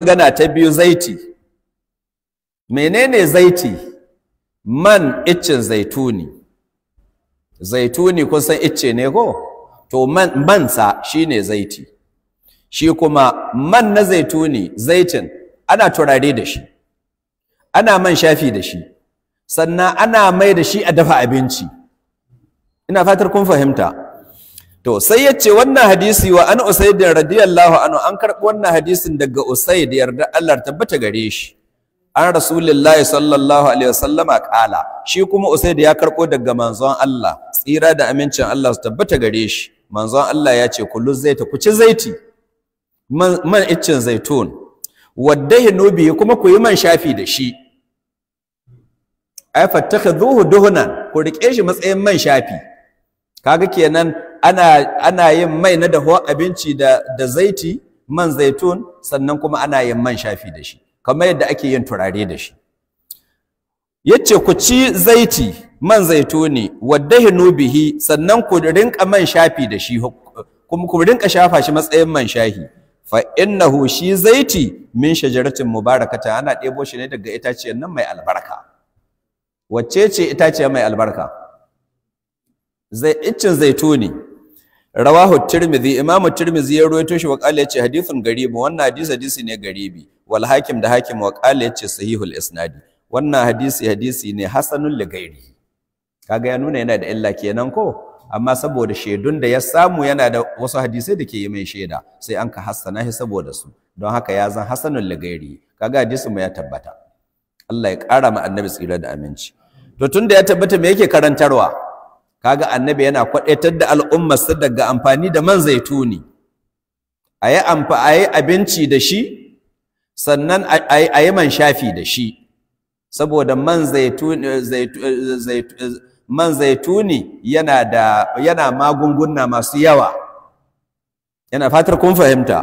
magana ta biyu zaiti menene zaiti man iccin zaituni zaituni kun san icce ne ko to man mansa shine zaiti shi kuma man na zaituni zaitin ana turare da shi ana man shafi da shi sannan ana mai da shi a dafa abinci ina fatar kun fahimta to sai ya ce wannan hadisi wa an usaid radiyallahu anhu an karɓi wannan hadisin daga usaid yarda Allah tabbata gare shi an rasulullahi sallallahu alaihi wasallama kala shi kuma usaid ya karɓo daga manzon Allah tsira da amincin Allah su tabbata gare shi manzon Allah ya ce kullu zaita ku ci zaiti man iccin zaitun Wadda bihi kuma ku yi man shafi da shi ai duhu duhunan ku riƙe shi matsayin man shafi kaga kenan ana yin mai na dahuwar abinci da da zaiti man zaitun sannan kuma ana yin man shafi da shi kamar yadda ake yin turare da shi yace ku ci zaiti man zaituni waddahi nubihi, sannan ku rinka man shafi da shi kuma ku rinka shafa shi matsayin man shahi fa innahu shi zaiti min shajaratin mubarakata ana ɗebo shi ne daga itaciyar nan mai albarka wacce ce itaciyar mai albarka zai iccin zaituni rawahu tirmidhi imam tirmidhi ya ruwaito shi waqala yace hadithun garibi wannan hadisi hadisi ne garibi wal hakim da hakim waqala yace sahihul isnadi wannan hadisi hadisi ne hasanul ligairi kaga ya nuna yana da illa kenan ko amma saboda shaidun da ya samu yana da wasu hadisai da ke yi mai shaida sai an ka hassana shi saboda su don haka ya zan hasanul ligairi kaga hadisi mu ya tabbata Allah ya ƙara ma annabi tsira da aminci to tunda ya tabbata me yake karantarwa kaga annabi yana kwadaitar da al'ummar su daga amfani da man zaituni ayi amfa abinci da shi sannan ayi yi man shafi da shi saboda man zaituni man zaituni yana da yana magunguna masu yawa yana fatar kun fahimta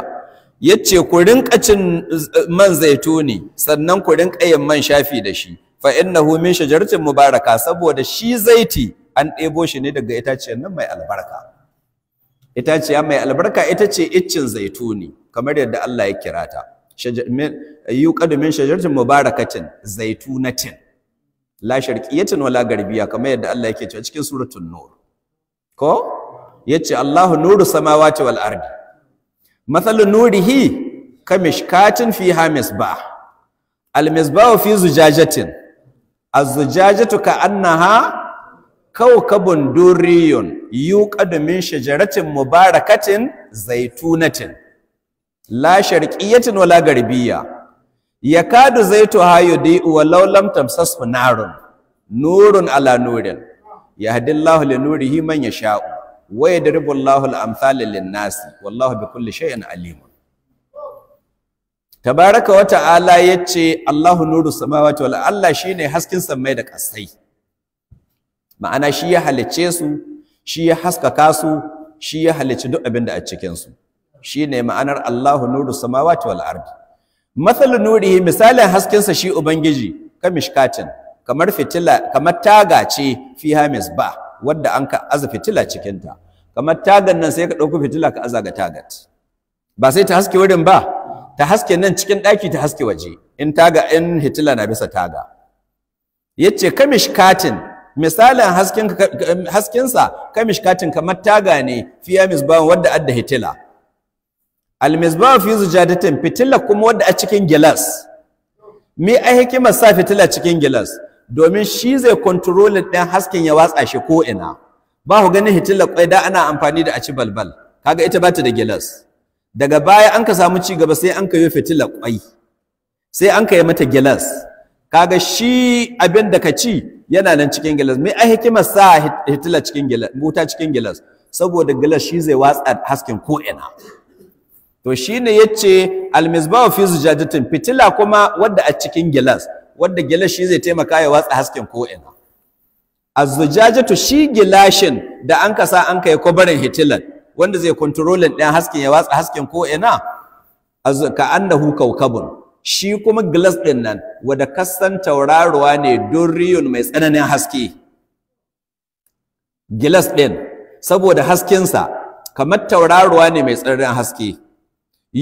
yace ku rinka cin man zaituni sannan ku rinka yin man shafi da shi fa innahu min shajaratin mubaraka saboda shi zaiti an ɗebo shi ne daga itaciyar nan mai albarka itaciya mai albarka ita ce iccin zaituni kamar yadda Allah ya kira ta yuqadu min shajaratin mubarakatin zaitunatin la sharqiyatin wala garbiya kamar yadda Allah yake cewa cikin suratun nur ko yace Allahu nuru samawati wal ardi mathalu nurihi kamishkatin fiha misbah al misbah fi zujajatin az zujajatu ka annaha. kaukabun durriyun yi min shajaratin mubarakatin zaitunatin la sharqiyatin wala garbiya. garbiyya yakadu zaituha hayo walau lam tamsashu narun nurun ala nurin yahdillahu li nurihi man yasha'u wa yadribu Allahu al-amthala lin-nasi wallahu bikulli shay'in alimun tabaraka wa ta'ala yace Allahu nuru samawati wal Allah shine hasken samai da kasai ma'ana shi ya halicce su shi ya haskaka su shi ya halicci duk abin da a cikin su shine ma'anar Allahu nuru samawati wal ardi mathalu nurihi misalin hasken sa shi ubangiji mishkatin kamar fitila kamar taga ce fiha misba wadda an ka aza fitila cikin ta kamar tagan nan sai ka dauko fitila ka aza ga tagat ba sai ta haske wurin ba ta haske nan cikin daki ta haske waje in taga in hitila na bisa taga yace kamishkatin misalin hasken haskensa kamishkatin kamar taga ne fiya misbah wadda adda hitila al misbah fi zujadatin fitila kuma wadda a cikin gilas me a hikimar sa fitila cikin gilas domin shi zai control ɗin hasken ya watsa shi ko ina ba ku ganin hitila kwai da ana amfani da a ci balbal kaga ita bata da gilas daga baya an ka samu ci gaba sai an ka yi fitila kwai sai an ka mata gilas kaga shi abin da ka ci yana nan cikin gilas me ai hikimar sa hitila cikin gilas buta cikin gilas saboda gilas shi zai watsa hasken ko ina to shine yace misbah fi zujajatin fitila kuma wadda a cikin gilas wadda gilas shi zai taimaka ya watsa hasken ko ina azzujajatu shi gilashin da an kasa an kai kwabarin hitilan wanda zai kontrolin ɗan hasken ya watsa hasken ko ina ka annahu kaukabun shi kuma glass ɗin nan wadda kasan tauraruwa ne don riyun mai tsananin haske glass ɗin saboda haskensa kamar tauraruwa ne mai tsananin haske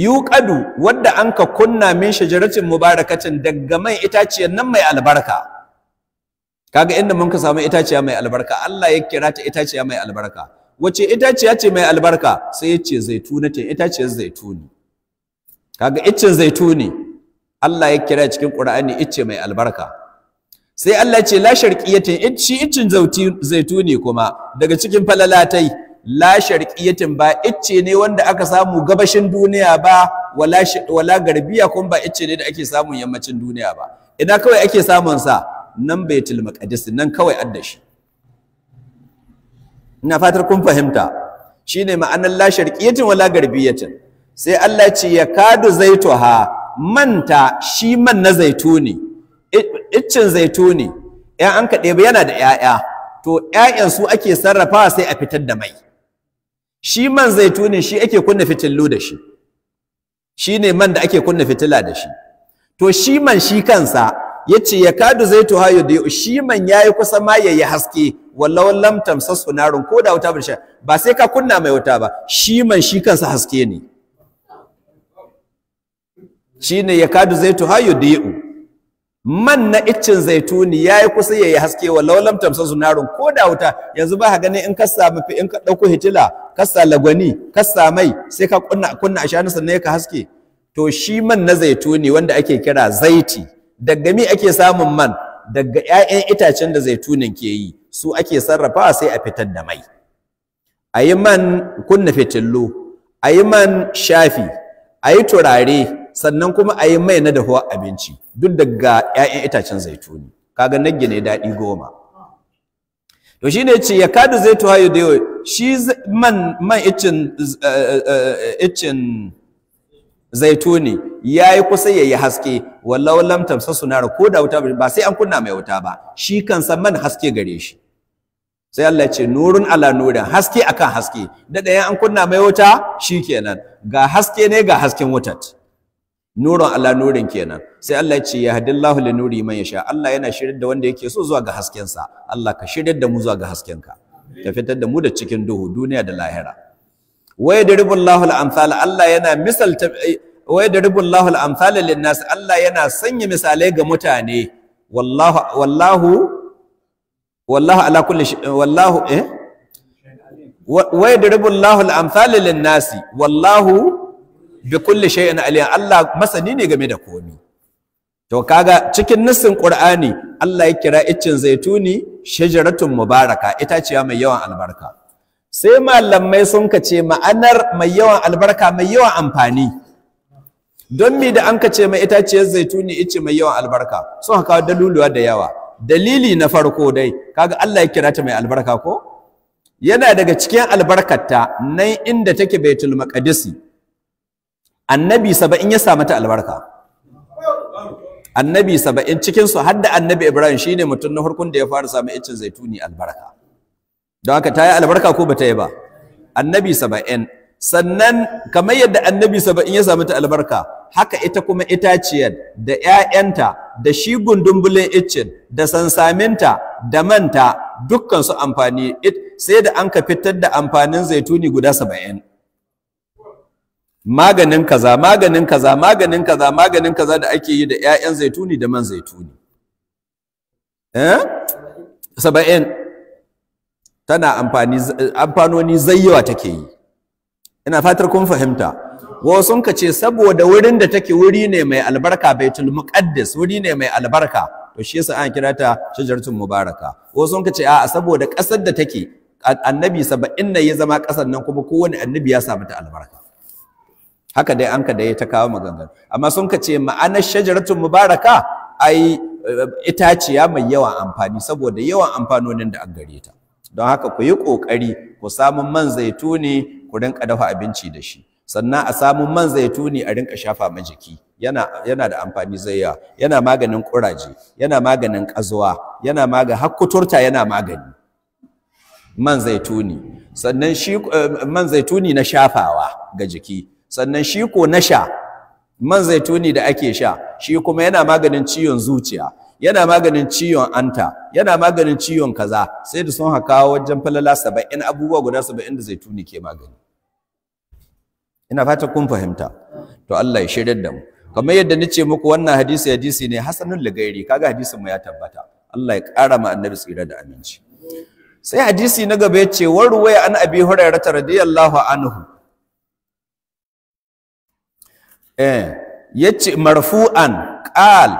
yuqadu wadda an ka kunna min shajaratin mubarakacin daga mai itaciya nan mai albarka kaga inda mun ka samu itaciya mai albarka Allah ya kira ta itaciya mai albarka wace itaciya ce mai albarka sai ya ce zaituna ce itaciyar zaituni kaga iccen zaituni Allah ya kira cikin Qur'ani icce mai albarka sai Allah ya ce la sharqiyatin zauti iccin ne kuma daga cikin falalatai la sharqiyatin ba icce ne wanda aka samu gabashin duniya ba wala wala garbiya kuma ba icce ne da ake samun yammacin duniya ba ina kawai ake samun sa nan baitul maqdis nan kawai addashi ina fatar kun fahimta shine ma'anar la sharqiyatin wala garbiyatin sai Allah ya ce kadu zaituha manta shi man na zaituni iccin zaituni ya an ɗebi yana da 'ya'ya to 'ya'yan su ake sarrafawa sai a fitar da mai shi man zaituni shi ake kunna fitillu da shi shi ne man da ake kunna fitila da shi to shi man shi kansa ya ce ya kadu zaitu hayo da shi man ya yi kusa ma ya yi haske wallawan lamtam sassu narun ko da wuta ba sai ka kunna mai wuta ba shi man shi kansa haske ne shine yakadu zaitu hayu di'u man na iccin zaituni yayi kusa yayi haske wa lam tamsa sunarun ko da wuta yanzu ba ka gani in ka samu in ka dauko hitila ka lagwani ka mai sai ka kunna kunna ashana sannan ka haske to shi man na zaituni wanda ake kira zaiti daga mi ake samun man daga 'ya'yan itacen da zaitunin ke yi su ake sarrafa sai a fitar da mai a yi man kunna a man shafi a turare sannan kuma a yi mai na dahuwa abinci duk daga 'ya'yan itacen zaituni kaga nagge ne daɗi goma to shi ne ce ya kadu zai tuwa da yau shi man man icin eh, eh, eh, zaituni ya yi kusa ya yi haske wallahu lam tamsa sunara ko da wuta ba sai an kunna mai wuta ba shi kan kansa man haske gare shi sai Allah ce nurun ala nurin haske akan haske da ɗayan an kunna mai wuta shi shikenan ga haske ne ga hasken wutat nuran ala nurin kenan sai Allah ya ce ya yahdillahu li nuri man yasha Allah yana shirin da wanda yake so zuwa ga haskensa Allah ka shirin da mu zuwa ga haskenka ka fitar da mu da cikin duhu duniya da lahira wa yadribullahu al-amsal Allah yana misal wa yadribullahu al-amsal lin-nas Allah yana sanya misalai ga mutane wallahu wallahu wallahu ala kulli wallahu eh wa yadribullahu al-amsal lin-nas wallahu bi kulli shay'in aliyan Allah masani ne game da komi to kaga cikin nassin Qur'ani Allah ya kira iccin zaituni shajaratun mubaraka itaciya mai yawan albarka sai malamai sun kace ma'anar mai yawan albarka mai yawan amfani don mi da an kace mai itaciyar zaituni icce mai yawan albarka sun kawo daluluwa da yawa dalili na farko dai kaga Allah ya kira ta mai albarka ko yana daga cikin albarkarta nan inda take baitul maqdisi annabi saba'in ya sa mata albarka annabi saba'in cikinsu har da annabi ibrahim shine mutum na farkon da ya fara samu icin zaituni albarka don haka ta yi albarka ko ba ta yi ba annabi saba'in sannan kamar yadda annabi saba'in ya samu ta albarka haka ita kuma itaciyar da 'ya'yanta da shi gundumbulin iccin da sansaminta da manta dukkan su amfani sai da an ka fitar da amfanin zaituni guda saba'in maganin kaza maganin kaza maganin kaza maganin kaza da ake yi da ƴaƴan zaituni da man zaituni eh saba'in tana amfani amfanoni zayyawa take yi ina fatar kun fahimta wasu ka ce saboda wurin da take wuri ne mai albarka baitul muqaddas wuri ne mai albarka to shi yasa an kira ta shajaratul mubaraka wasu ka ce a'a saboda kasar da take annabi saba'in ne ya zama kasar nan kuma kowane annabi ya samu ta albarka haka dai an ka dai ta kawo maganganu amma sun ka ce ma'anar shajaratun mubaraka ai itaciya mai yawan amfani saboda yawan amfanonin da an gare ta don haka ku yi ƙoƙari ku samu man zaituni ku rinka dafa abinci da shi sannan a samu man zaituni a rinka shafa ma jiki yana yana da amfani zai yawa yana maganin ƙuraje yana maganin ƙazuwa yana maga hakkuturta yana magani man zaituni sannan shi eh, man zaituni na shafawa ga jiki sannan shi ko na sha man zaituni da ake sha shi kuma yana maganin ciwon zuciya yana maganin ciwon anta yana maganin ciwon kaza sai da sun haka wajen falala saba'in abubuwa guda saba'in da zaituni ke magani ina fata kun fahimta to Allah ya shirar da mu kamar yadda ce muku wannan hadisi hadisi ne hasanul ligairi kaga hadisin mu ya tabbata Allah ya kara ma annabi tsira da aminci sai hadisi na gaba yace warwaya an abi hurairata radiyallahu anhu Eh, yace marfu'an qal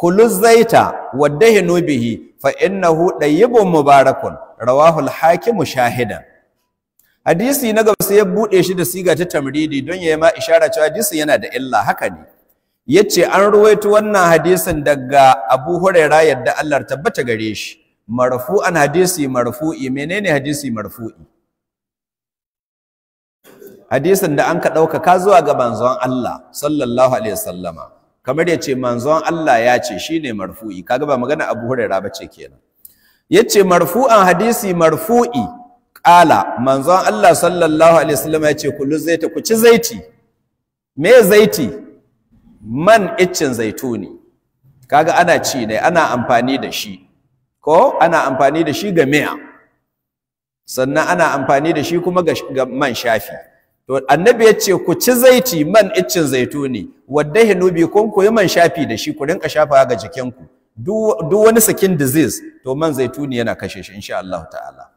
kullu zaita wadahinu bihi fa innahu dayyibun mubarakun rawahu al-hakim shahidan hadisi na gaba sai ya bude shi da siga ta tamridi don yayi ma isharar cewa hadisi yana da illa haka ne yace an ruwaito wannan hadisin daga Abu Hurairah yadda Allah tabbata gare shi marfu'an hadisi marfu'i menene hadisi marfu'i hadisin da an ka ɗaukaka zuwa ga manzon Allah sallallahu alaihi wasallama kamar ya ce manzon Allah ya ce shine marfu'i kaga ba magana Abu Hurairah bace kenan yace marfu'an hadisi marfu'i ƙala manzon Allah sallallahu alaihi wasallama yace kullu zaita ku ci zaiti me zaiti man iccin zaituni kaga ana ci ne ana amfani da shi ko ana amfani da shi ga miya sannan ana amfani da shi kuma ga man shafi to annabi ya ce ku ci zaiti man iccin zaituni wadda hinubi kun ku man shafi da shi ku rinka shafawa ga jikinku duk wani skin disease to man zaituni yana kashe shi insha Allah ta'ala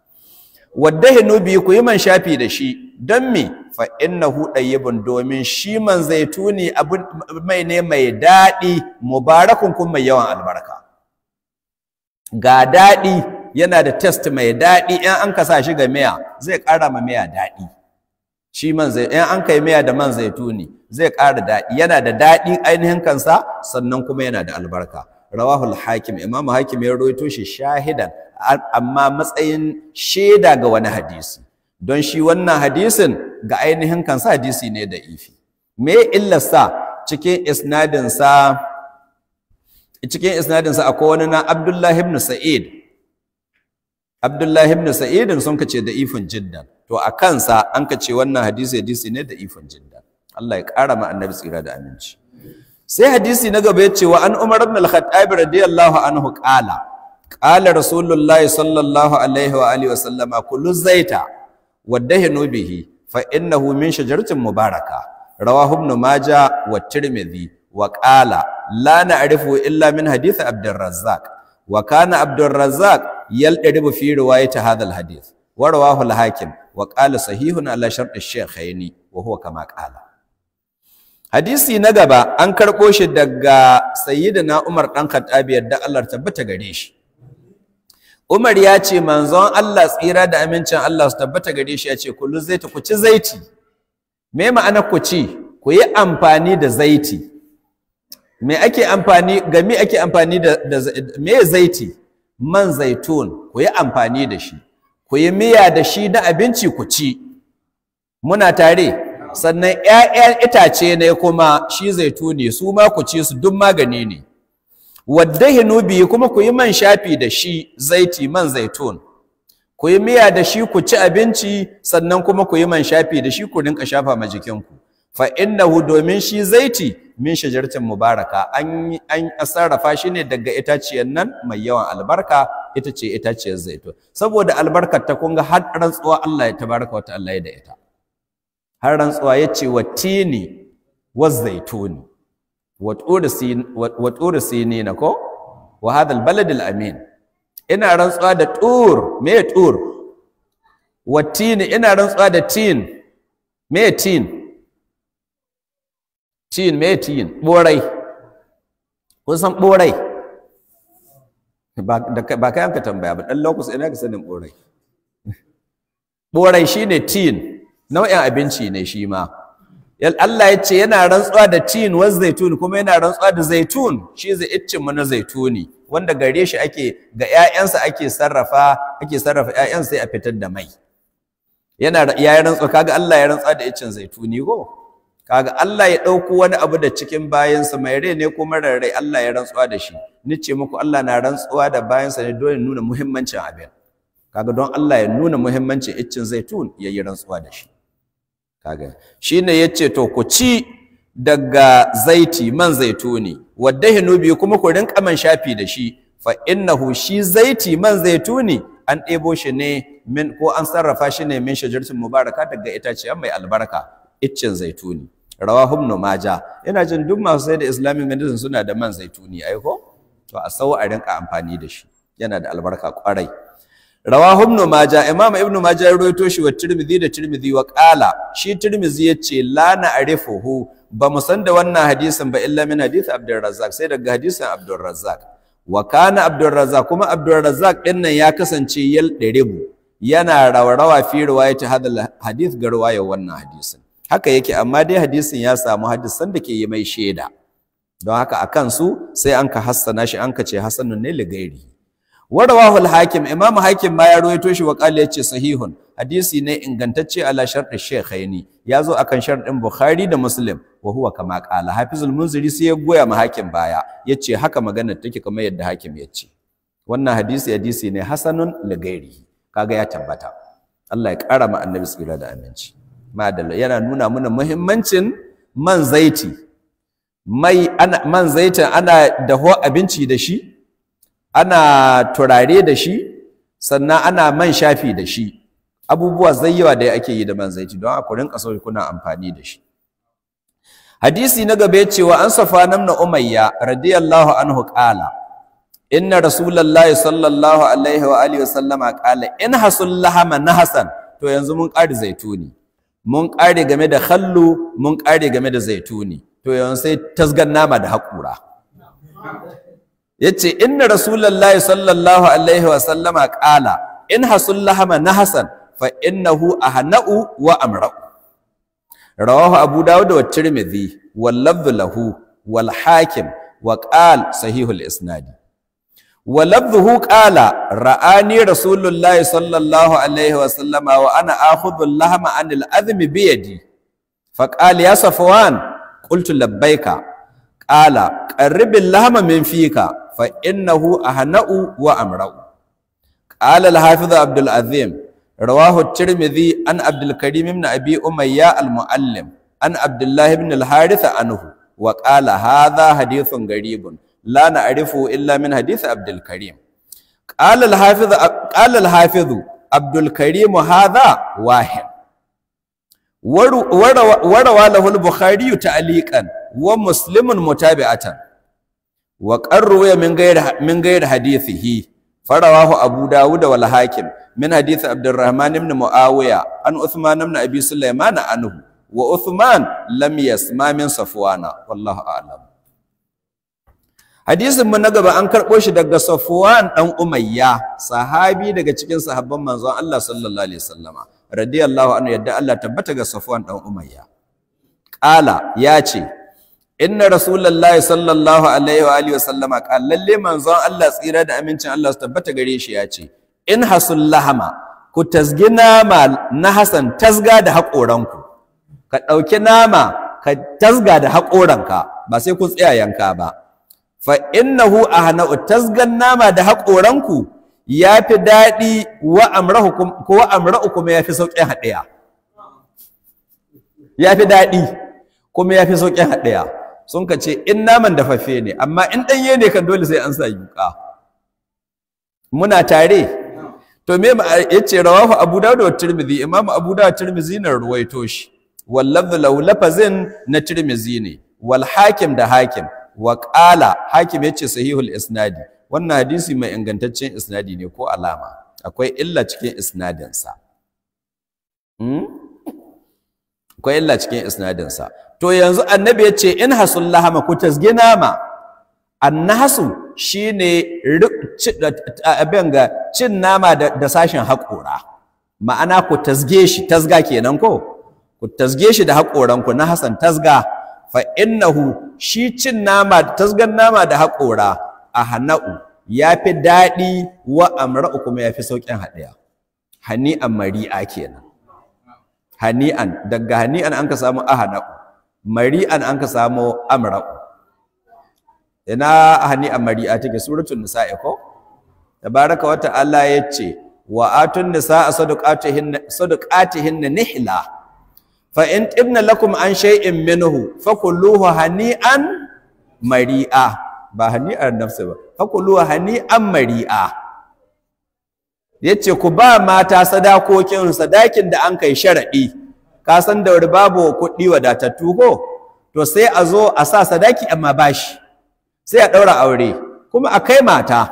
wadda hinubi ku yi man shafi da shi don me fa innahu dayyibun domin shi man zaituni abu mai ne mai daɗi mubarakun kun mai yawan albarka ga daɗi yana da test mai daɗi in an ka sa shi ga miya zai ƙara ma miya daɗi shi man zai in an kai miya da man zaituni zai ƙara daɗi yana da daɗi ainihin kansa sannan kuma yana da albarka rawahul hakim imam hakim ya rawaito shi shahidan amma matsayin shaida ga wani hadisi don shi wannan hadisin ga ainihin kansa hadisi ne da ifi me illarsa cikin isnadin sa cikin isnadin sa akwai wani na Abdullah ibn Sa'id Abdullah ibn Sa'id sun kace da ifin jiddan to a kansa an ka ce wannan hadisi hadisi ne da ifin jinda Allah ya ƙara ma annabi tsira da aminci sai hadisi na gaba ya ce wa an umar ibn al-khattab radiyallahu anhu qala qala rasulullahi sallallahu alaihi wa alihi wa sallama kullu zaita wadahinu bihi fa innahu min shajaratin mubaraka rawahu ibn majah wa tirmidhi wa qala la na'rifu illa min hadith abdurrazzaq wa kana abdurrazzaq yalqadibu fi riwayati hadha al-hadith wa rawahu al-hakim wa qala sahihun ala shart ash-shaykhaini wa huwa kama qala hadisi na gaba an karɓo shi daga sayyidina Umar dan Khattab yadda Allah tabbata gare shi Umar ya ce manzon Allah tsira da amincin Allah su tabbata gare shi ya ce kullu zaiti ku ci zaiti me ma'ana ku ku yi amfani da zaiti me ake amfani da, zaiti man zaitun ku yi amfani da shi ku yi miya da shi na abinci ku ci muna tare sannan ‘ya'yan itace ne kuma shi ne, su ma ku ci su duk magani ne waddahinu biyu kuma ku yi man shafi da shi zaiti man zaitun ku yi miya da shi ku ci abinci sannan kuma ku yi man shafi da shi ku rinka shafa ma jikinku fa innahu domin shi zaiti min shajaratin mubaraka an an sarrafa shi ne daga itaciyar nan mai yawan albarka ita ce itaciyar zaitun saboda albarkar ta kun ga har rantsuwa Allah ya tabaraka wa ta'ala ya da ita har rantsuwa ya ce wa tini wa zaituni wa turi sinina ko wa hadal baladil amin ina rantsuwa da tur me tur wa tini ina rantsuwa da tin me tin tin me tin borai kun san borai ba kai an ka tambaya ba ɗan lokus ina ka sanin ɓorai ɓorai shi ne tin nau'in abinci ne shi ma Allah ya ce yana rantsuwa da tin wa zaitun kuma yana rantsuwa da zaitun shi zai iccin mana zaituni wanda gare shi ake ga ƴaƴansa ake sarrafa ake sarrafa ƴaƴan sai a fitar da mai yana ya rantsuwa kaga Allah ya rantsuwa da iccin zaituni ko kaga Allah ya ɗauko wani abu da cikin bayansa mai rai ne ko marar rai Allah ya rantsuwa da shi ni ce muku Allah na rantsuwa da bayansa ne dole nuna muhimmancin abin kaga don Allah ya nuna muhimmancin iccin zaitun ya yi rantsuwa da shi kaga shine yace to ku ci daga zaiti man zaituni waddahinu bi kuma ku rinka man shafi da shi fa innahu shi zaiti man zaituni an ɗebo shi ne min ko an sarrafa shi ne min shajarcin mubaraka daga itaciyar mai albarka iccin zaituni rawahum no maja ina jin duk masu sai da islamic medicine suna da man zaituni ai ko to a sau a rinka amfani da shi yana da albarka kwarai rawahum no maja imam ibn maja ya rawaito shi wa tirmidhi da tirmidhi wa qala shi tirmidhi yace la na hu? ba mu san da wannan hadisin ba illa min hadith abdurrazzaq sai daga hadisin abdurrazzaq wa kana abdurrazzaq kuma abdurrazzaq din nan ya kasance yal daribu yana rawarawa fi riwayati hadal hadith ga riwayar wannan hadisin haka yake amma dai hadisin ya samu hadisan da ke yi mai shaida don haka a kansu sai an ka hassana shi an ka ce Hassanun ne ligairi warawahul hakim imam hakim ma ya rawaito shi wa ce yace sahihun hadisi ne ingantacce ala shartu shaykhaini yazo akan shartin bukhari da muslim wa huwa kama qala hafizul munziri sai ya goya ma hakim baya yace haka magana take kamar yadda hakim yace wannan hadisi hadisi ne Hassanun ligairi kaga ya tabbata Allah ya kara ma annabi tsira da aminci madalla yana nuna mana muhimmancin man zaiti mai ana man zaitin ana daho abinci da shi ana turare da shi sannan ana man shafi da shi abubuwa wa da ake yi da man zaiti don a kurin kasar kuna amfani da shi hadisi na gaba cewa an safa namna umayya radiyallahu anhu qala inna rasulullahi sallallahu alaihi wa alihi sallama qala in hasul lahama nahasan to yanzu mun kari zaituni mun ƙare game da hallu mun ƙare game da zaituni to yawan sai tasgan nama da haƙura yace inna rasulullahi sallallahu alaihi wa sallama qala in hasul lahama Hassan, fa innahu ahna'u wa amra'u rawahu abu dawud wa tirmidhi wal lafdhu lahu wal hakim wa ƙal sahihul isnadi wa labdhuhu ƙala ra'ani rasulullahi sallallahu alaihi wa sallama wa ana akhudhu lahma anil azmi bi yadi fa qala ya safwan qultu labbaika qala qarrib lahma min fika fa innahu ahna'u wa amra'u qala al abdul azim رواه الترمذي عن عبد الكريم بن أبي أمية المعلم عن عبد الله بن الحارث عنه وقال هذا حديث غريب la na'rifu illa min hadith Abdul Karim qala al-hafiz qala al-hafiz Abdul Karim hadha wahid warawa lahu al-Bukhari ta'liqan wa Muslimun mutabi'atan wa qarruya min hadithi hi, ghairi hadithihi farawahu Abu Dawud wal Hakim min hadith Abdurrahman ibn Muawiya an Uthman ibn Abi Sulaiman anhu wa Uthman lam yasma min Safwana a'lam hadisin mu na gaba an karɓo shi daga Safwan dan Umayya sahabi daga cikin sahabban manzon Allah sallallahu alaihi wasallama radiyallahu anhu yadda Allah tabbata ga Safwan dan Umayya qala ya ce inna rasulullahi sallallahu alaihi wa alihi wasallama qala lalle manzon Allah tsira da amincin Allah su tabbata gare shi ya ce in hasul lahama ku tasgi nama na Hassan tasga da haƙoranku ka ɗauki nama ka tasga da haƙoranka ba sai kun tsaya yanka ba fa innahu ahna'u tasgan nama da haƙoranku ya fi daɗi wa amrahukum ko wa amra'u kuma ya fi sauƙin haɗiya ya fi daɗi kuma ya fi sauƙin haɗiya sun ka ce in naman dafaffe ne amma in ɗanye ne kan dole sai an sa yuƙa muna tare to me ya ce rawahu abu dawud wa tirmidhi imam abu dawud tirmidhi na ruwaito shi wallafzu lahu lafazin na tirmidhi ne wal hakim da hakim Waƙala, hakim hakim yace sahihul isnadi wannan hadisi mai ingantaccen isnadi ne ko alama akwai illa cikin isnadinsa hmm? akwai illa cikin isnadinsa to yanzu annabi ya ce in hasun lahama ku tasgi nama annahasu shi ne ga cin nama da sashen haƙora ma'ana ku tasge shi tasga kenan ko ku tasge shi da haƙoranku na hasan tasga fa innahu shi cin nama tasgan nama da haƙora a hana'u ya fi daɗi wa amra'u kuma ya fi sauƙin haɗiya hani'an mari'a kenan hani'an daga hani'an an ka samu Hana'u, mari'an an ka samu amra'u ina hani'an mari'a take suratul nisa'i ko tabaraka wa ta'ala yace wa atun nisa'a sadaqatihinna na nihla fa in tibna lakum an shay'in minhu fakuluhu hani'an mari'a ba hani'an nafsi ba fakuluhu hani'an mari'a yace ku ba mata sadakokin sadakin da an kai sharadi ka san da babu kuɗi wadatattu ko to sai a zo a sa sadaki amma bashi sai a ɗaura aure kuma a kai mata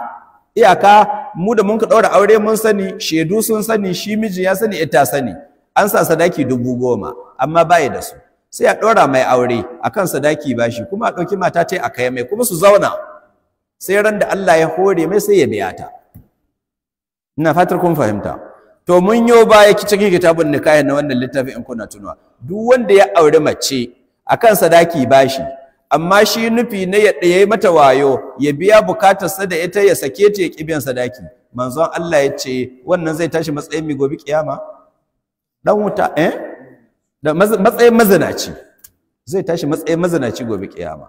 iyaka mu da mun ka ɗaura aure mun sani shaidu sun sani shi miji ya sani ita sani an sa sadaki dubu goma amma baya da su sai a ɗora mai aure akan sadaki bashi kuma a ɗauki mata ta yi a kai mai kuma su zauna sai ran da Allah ya hore mai sai ya biya ta ina fatar kun fahimta to mun yo baya cikin kitabun nikahin na wannan littafin in kuna tunawa duk wanda ya aure mace akan sadaki bashi amma shi nufi na ya ɗaya mata wayo ya biya bukatarsa da ita ya sake ta ya ƙibiyan sadaki manzon Allah ya ce wannan zai tashi matsayin mai gobe kiyama dan wuta eh da matsayin mazanaci zai tashi matsayin mazinaci gobe kiyama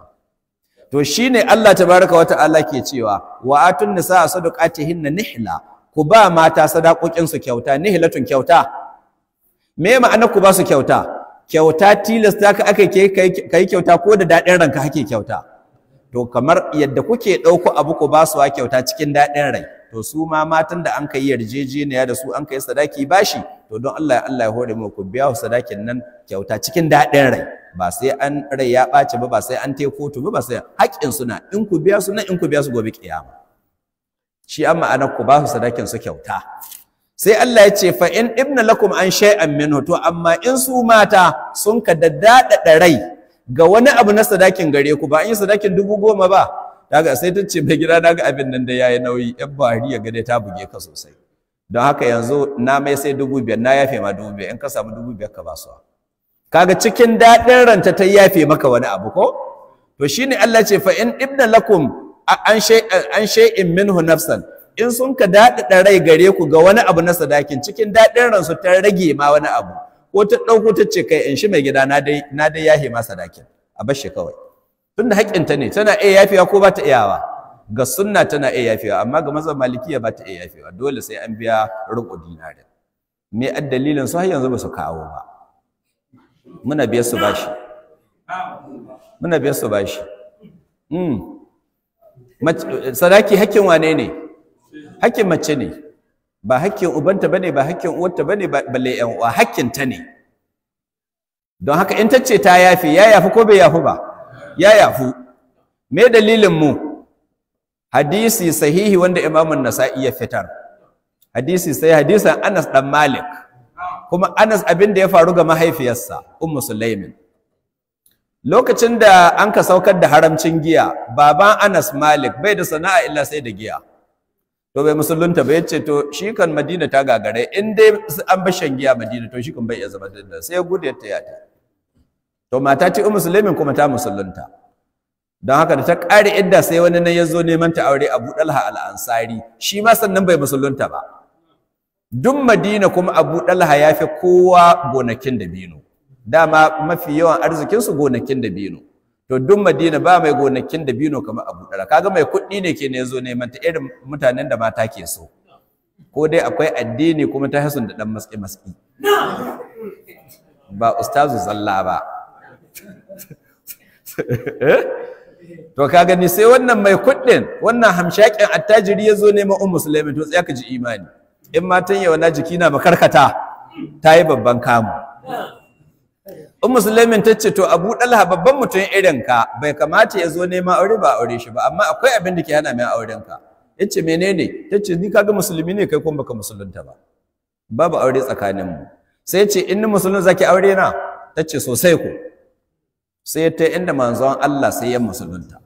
to shine Allah tabaraka wa ta'ala ke cewa wa atun nisa sadaqatihin nihla ku ba mata sadakokin su kyauta nihlatun kyauta me ma'ana ku ba su kyauta kyauta tilasta ka aka kai kyauta ko da dadin ranka hake kyauta to kamar yadda kuke dauko abu ku ba su kyauta cikin dadin rai to su ma matan da an kai yarjejeniya da su an kai sadaki bashi to don Allah Allah ya hore mu ku biya sadakin nan kyauta cikin daɗin rai ba sai an rai ya ɓaci ba ba sai an te kotu ba sai haƙƙin suna in ku biya su nan in ku biya su gobe kiyama shi an ma'ana ku ba su sadakin su kyauta sai Allah ya ce fa in ibna lakum an shay'an minhu to amma in su mata sun ka daddada rai ga wani abu na sadakin gare ku ba an yi sadakin dubu goma ba daga sai ta ce mai gida daga abin nan da yayi nauyi yan bari ya ga dai ta buge ka sosai don haka yanzu na mai sai dubu biyar na yafe ma dubu biyar in ka samu dubu biyar ka ba su kaga cikin daɗin ranta ta yafe maka wani abu ko to shine Allah ce fa in ibna lakum an shay an shay'in minhu nafsan in sun ka daɗaɗa rai gare ku ga wani abu na sadakin cikin daɗin ransu ta rage ma wani abu ko ta ɗauko ta ce kai in shi mai gida na dai na dai yahe ma sadakin a bar kawai tunda haƙƙinta ne tana iya yafewa ko ba ta iyawa ga sunna tana iya yafewa amma ga mazhab malikiya ba ta iya yafewa dole sai an biya ruku dinari me addalilin su har yanzu ba su kawo ba muna biyar su bashi muna biyar su bashi mm sadaki haƙƙin wane ne haƙƙin mace ne ba haƙƙin ubanta bane ba haƙƙin uwarta bane balle yan uwa haƙƙin ta ne don haka in ta ce ta yafi ya yafi ko bai yafi ba ya yafu me dalilin mu hadisi sahihi wanda Imam An-Nasa'i ya fitar hadisi sai hadisan Anas dan Malik kuma Anas abin da ya faru ga mahaifiyarsa Ummu Sulaimin lokacin da an ka saukar da haramcin giya baban Anas Malik bai da sana'a illa sai da giya to bai musulunta ba ce to shi kan Madina ta gagare in dai an bashan giya Madina to shi kan bai iya zama da sai ya gudu ya yata to mata ce ummu sulaimin kuma ta musulunta don haka da ta ƙare idda sai wani nan ya zo neman ta aure abu dalha al'ansari shi ma sannan bai musulunta ba duk madina kuma abu dalha ya fi kowa gonakin dabino dama mafi yawan arzikinsu gonakin dabino to duk madina ba mai gonakin dabino kamar abu dalha kaga mai kuɗi ne ke ne zo neman ta irin mutanen da mata ke so ko dai akwai addini kuma ta hasun da ɗan matsi matsi ba ustazu zalla ba to ka gani sai wannan mai kuɗin wannan hamshakin attajiri ya zo neman un musulmi to tsaya ka ji imani in matan yawana jiki na makarkata ta yi babban kamu un musulmin ta ce to abu ɗalha babban mutum irin ka bai kamata ya zo neman aure ba aure shi ba amma akwai abin da ke hana mai auren ka ya ce menene ta ce ni kaga musulmi ne kai kuma baka musulunta ba babu aure tsakaninmu sai ce in ni musulun zaki aure na ta ce sosai ku sai ta inda manzon Allah sai ya musulunta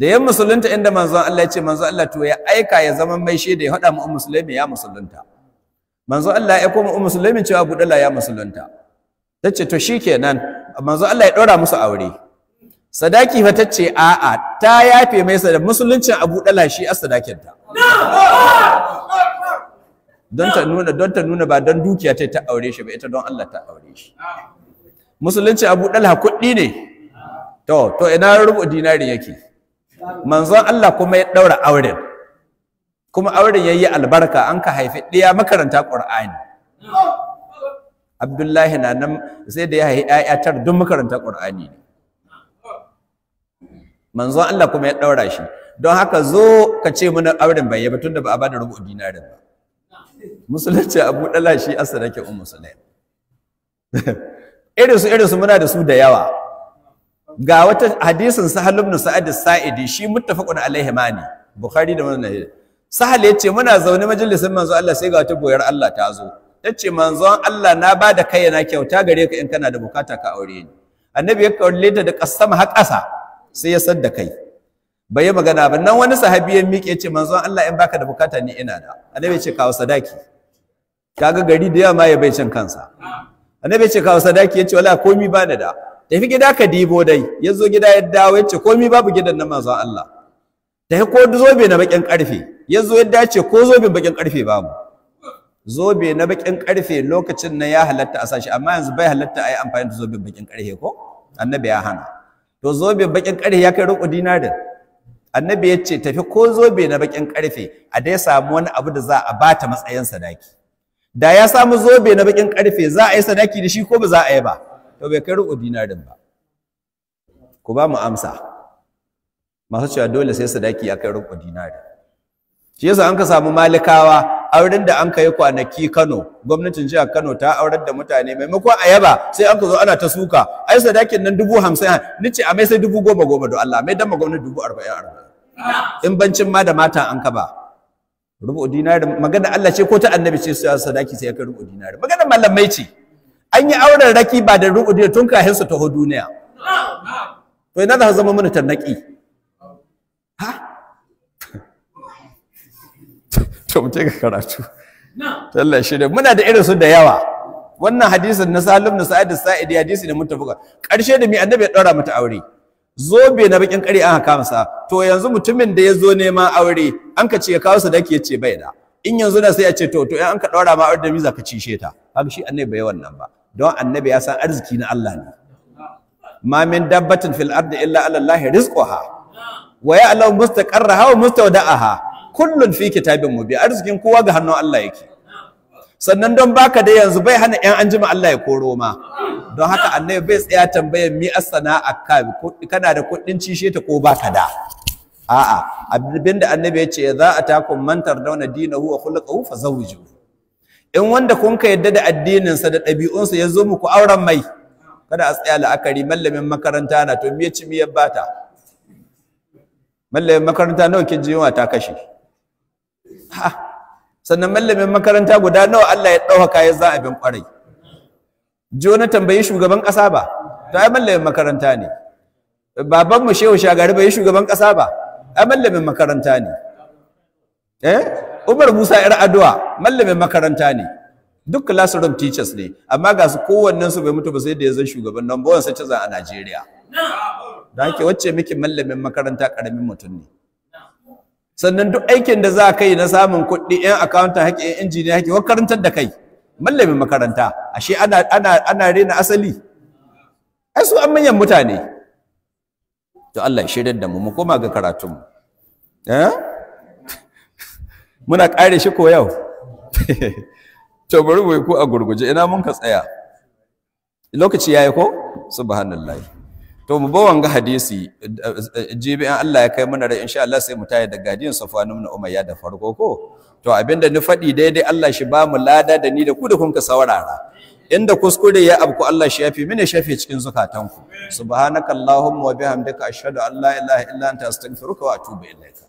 da ya musulunta inda manzon Allah ya ce manzon Allah to ya aika ya zama mai shaida ya hada mu musulmi ya musulunta manzon Allah ya koma ummu musulmi cewa budala ya musulunta tace to shikenan manzon Allah ya dora musu aure sadaki fa tace a'a ta yafe mai sa da musuluncin Abu Dala shi a sadakin ta don ta nuna don ta nuna ba don dukiya ta ta aure shi ba ita don Allah ta aure shi musulunci abu ɗalha kuɗi ne to to ina rubu dinari yake manzon Allah kuma ya daura auren kuma auren yayi albarka an ka haifi ɗaya makaranta Qur'ani Abdullahi na nan sai da ya haifi tar duk makaranta Qur'ani ne manzon Allah kuma ya daura shi don haka zo ka ce mana auren bai yaba tunda ba a bada rubu dinarin ba musulunci abu ɗalha shi asarake ummu sulaim irinsu irinsu muna da su da yawa ga wata hadisin sahal ibn sa'ad saidi shi muttafaqun alaihi mani bukhari da muslim sahal yace muna zaune majalisin manzo Allah sai ga wata boyar Allah ta zo tace manzo Allah na bada kai na kyauta gare ka in kana da bukata ka aure ni annabi ya kalle ta da kasama har haƙasa sai ya sadda kai bai yi magana ba nan wani sahabi ya miƙe yace manzon Allah in baka da bukata ni ina da annabi ya ce kawo sadaki kaga gari da yawa ma ya bai cin kansa annabi ya ce kawo sadaki ya ce wala komi ba ni da tafi gida ka dibo dai ya zo gida ya dawo ya ce komi babu gidan na manzon Allah tafi ko zobe na bakin karfe ya zo ya dace ko zobe bakin karfe babu zobe na bakin karfe lokacin na ya halatta a sashi amma yanzu bai halatta a yi amfani da zobe bakin karfe ko annabi ya hana to zobe bakin karfe ya kai rukun dinarin annabi ya ce tafi ko zobe na bakin karfe a dai samu wani abu da za a bata matsayin sadaki da ya samu zobe na bakin karfe za a yi sadaki da shi ko ba za a yi ba to bai kai rubu dinarin ba ku ba mu amsa masu cewa dole sai sadaki ya kai rubu dinarin shi yasa an ka samu malikawa auren da an ka yi kwanaki Kano gwamnatin jihar Kano ta aurar da mutane maimakon a yaba sai an ka zo ana ta suka ai sadakin nan dubu hamsin nice a mai sai dubu goma goma don Allah mai dama gwamnati dubu arba'in arba'in in bancin ma da matan an ka ba rubu dinari magana Allah ce ko ta annabi ce su sadaki sai ka rubu dinari magana malamai ce an yi auren raki ba da rubu dinari tun kafin su taho duniya to ina za zama mana tarnaki ha to mu ce ka karatu Allah shi muna da irin su da yawa wannan hadisin na Salim na Sa'id Sa'id hadisi ne mutafuka. karshe da mi annabi ya daura mata aure zobe na bakin kare an haka masa to yanzu mutumin da ya zo neman aure an ka ce ya kawo sadaki ya ce bai da in yanzu na sai ya ce to to in an ka daura ma aure da miza ka cishe ta kaga shi annabi bai wannan ba don annabi ya san arziki na Allah ne ma min dabbatin fil ardi illa ala Allah rizquha wa ya ya'lamu mustaqarraha wa mustawda'aha kullun fi kitabin mubin arzikin kowa ga hannun Allah yake sannan don baka da yanzu bai hana yan anjima Allah ya koro ma don haka annabi bai tsaya tambayar mi as-sana'a ka kana da kuɗin cishe ta ko baka da a'a abin da annabi ya ce za a takum man tardawna dinahu wa khuluquhu fazawiju in wanda kun ka yadda da addinin sa da ɗabi'unsa ya zo muku auren mai kada a tsaya la'akari mallamin makaranta na to me ci miyar ba bata mallamin makaranta nawa kin ji yunwa ta kashe ha sannan mallamin makaranta guda nawa Allah ya ɗaukaka ya za abin ƙwarai jo na tambayi shugaban ƙasa ba to ai mallamin makaranta ne baban mu shehu shagari bai shugaban ƙasa ba ai mallamin makaranta ne eh Umar Musa ir addu'a mallamin makaranta ne duk classroom teachers ne amma ga su kowannen su bai mutu ba sai da ya zan shugaban number 1 sai a Najeriya da yake wacce miki mallamin makaranta karamin mutum ne sannan duk aikin da za ka yi na samun kuɗi yan accountant haƙƙin injiniya haƙƙi wa karantar da kai mallamin makaranta ashe ana ana ana rena asali ai su an manyan mutane to Allah ya shirya da mu mu koma ga karatun mu eh muna kare shi ko yau to bari mu ko a gurguje ina mun ka tsaya lokaci yayi ko subhanallahi to mu ba wanga hadisi jibi an Allah ya kai mana rai insha Allah sai mu taya da gadiyan Safwan ibn Umayya da farko ko to abinda ni faɗi daidai Allah shi ba mu lada da ni da ku da kun ka saurara inda kuskure ya abku Allah shi yafi mini shafe cikin zukatanku ku allahumma wa bihamdika ashhadu an la ilaha illa anta astaghfiruka wa atubu ilaika